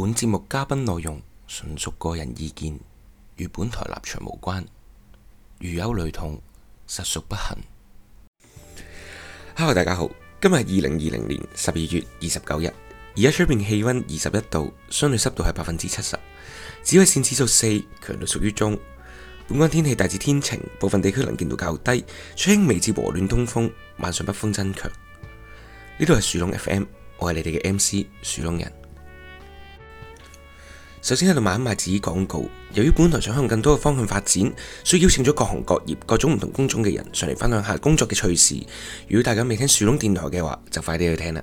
本節目嘉賓內容純屬個人意見，與本台立場無關。如有雷同，實屬不幸。Hello，大家好，今日係二零二零年十二月二十九日，而家出面氣溫二十一度，相對濕度係百分之七十，紫外線指數四，強度屬於中。本港天氣大致天晴，部分地區能見度較低，吹輕微至和暖東風，晚上北風增強。呢度係樹窿 FM，我係你哋嘅 MC 樹窿人。首先喺度賣一賣自己廣告。由於本台想向更多嘅方向發展，所以邀請咗各行各業、各種唔同工種嘅人上嚟分享下工作嘅趣事。如果大家未聽樹窿電台嘅話，就快啲去聽啦。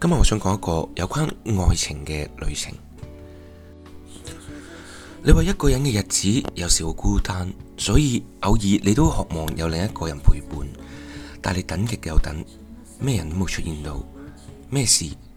今日我想講一個有關愛情嘅旅程。你話一個人嘅日子有時會孤單，所以偶爾你都渴望有另一個人陪伴，但你等極又等，咩人都冇出現到，咩事？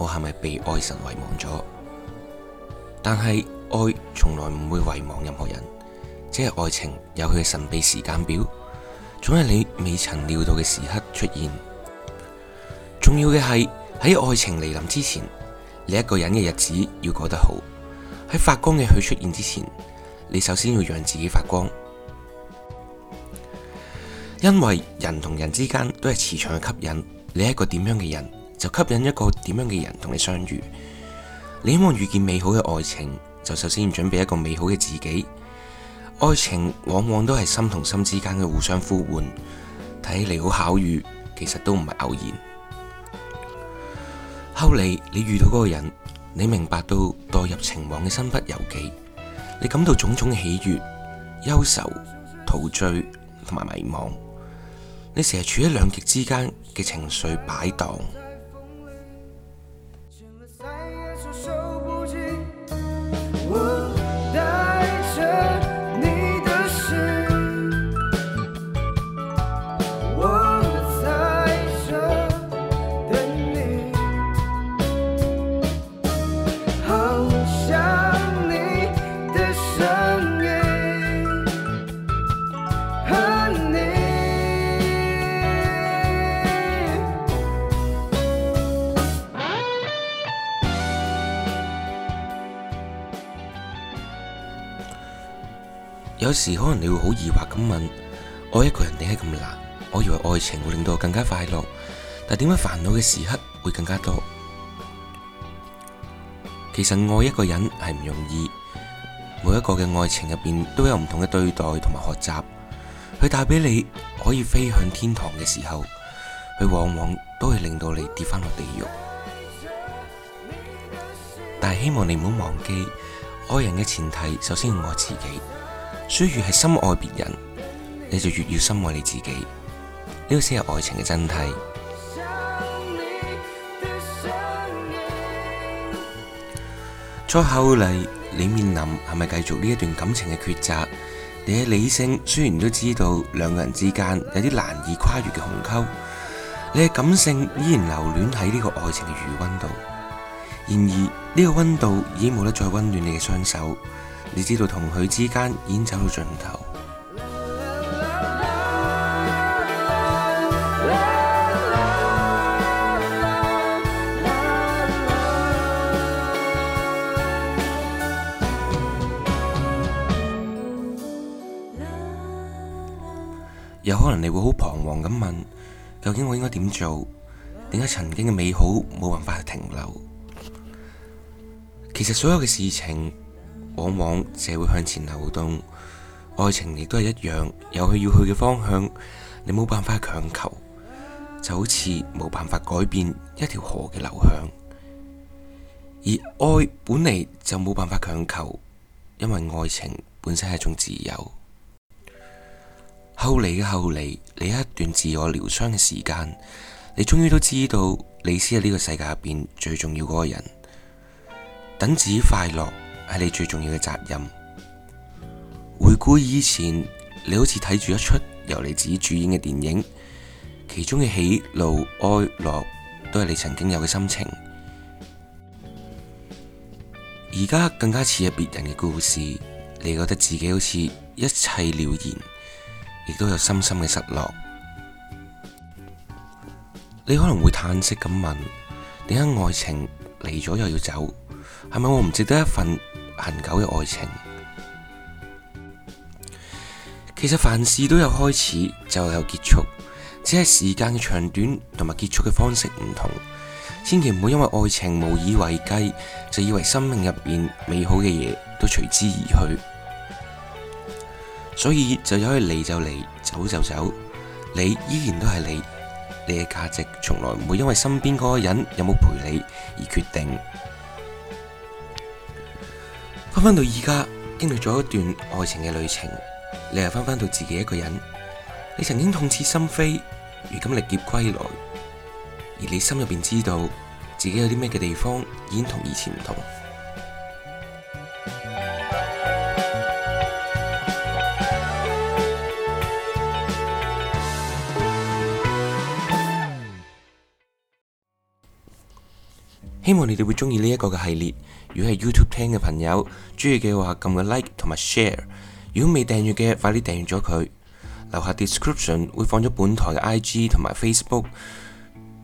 我係咪被愛神遺忘咗？但係愛從來唔會遺忘任何人，即係愛情有佢嘅神秘時間表，總係你未曾料到嘅時刻出現。重要嘅係喺愛情嚟臨，之前你一個人嘅日子要過得好。喺發光嘅佢出現之前，你首先要讓自己發光，因為人同人之間都係磁場嘅吸引。你係一個點樣嘅人？就吸引一個點樣嘅人同你相遇。你希望遇見美好嘅愛情，就首先要準備一個美好嘅自己。愛情往往都係心同心之間嘅互相呼喚，睇起嚟好巧遇，其實都唔係偶然。後嚟你遇到嗰個人，你明白到墮入情網嘅身不由己，你感到種種喜悅、憂愁、陶醉同埋迷茫，你成日處喺兩極之間嘅情緒擺盪。有時可能你會好疑惑咁問，愛一個人點解咁難？我以為愛情會令到我更加快樂，但係點解煩惱嘅時刻會更加多？其實愛一個人係唔容易，每一個嘅愛情入邊都有唔同嘅對待同埋學習。佢帶俾你可以飛向天堂嘅時候，佢往往都會令到你跌翻落地獄。但係希望你唔好忘記，愛人嘅前提首先要愛自己。所以越係深愛別人，你就越要深愛你自己。呢個先係愛情嘅真諦。再後嚟，你面臨係咪繼續呢一段感情嘅抉擇。你嘅理性雖然都知道兩個人之間有啲難以跨越嘅鴻溝，你嘅感性依然留戀喺呢個愛情嘅餘溫度。然而呢個溫度已經冇得再溫暖你嘅雙手。你知道同佢之間已經走到盡頭，有可能你會好彷徨咁問，究竟我應該點做？點解曾經嘅美好冇辦法停留？其實所有嘅事情。往往社會向前流動，愛情亦都係一樣，有去要去嘅方向，你冇辦法強求，就好似冇辦法改變一條河嘅流向。而愛本嚟就冇辦法強求，因為愛情本身係一種自由。後嚟嘅後嚟，你一段自我療傷嘅時間，你終於都知道，你先係呢個世界入邊最重要嗰個人，等自己快樂係你最重要嘅責任。回顧以前，你好似睇住一出由你自己主演嘅電影，其中嘅喜怒哀樂都係你曾經有嘅心情。而家更加似係別人嘅故事，你覺得自己好似一切了然，亦都有深深嘅失落。你可能會嘆息咁問：點解愛情嚟咗又要走？係咪我唔值得一份？恆久嘅愛情，其實凡事都有開始，就有，有結束，只係時間嘅長短同埋結束嘅方式唔同。千祈唔好因為愛情無以為繼，就以為生命入邊美好嘅嘢，都隨之而去。所以就可以嚟就嚟，走就走，你依然都係你，你嘅價值從來唔會因為身邊嗰個人有冇陪你而決定。翻到而家，經歷咗一段愛情嘅旅程，你又翻翻到自己一個人。你曾經痛徹心扉，如今歷劫歸來，而你心入面知道自己有啲咩嘅地方已經同以前唔同。希望你哋會中意呢一個嘅系列。如果係 YouTube 聽嘅朋友，中意嘅話撳個 Like 同埋 Share。如果未訂閱嘅，快啲訂閱咗佢。留下 Description 會放咗本台嘅 IG 同埋 Facebook。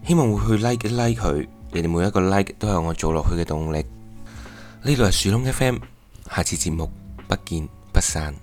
希望會去 Like 一 Like 佢，你哋每一個 Like 都係我做落去嘅動力。呢度係樹窿 FM，下次節目不見不散。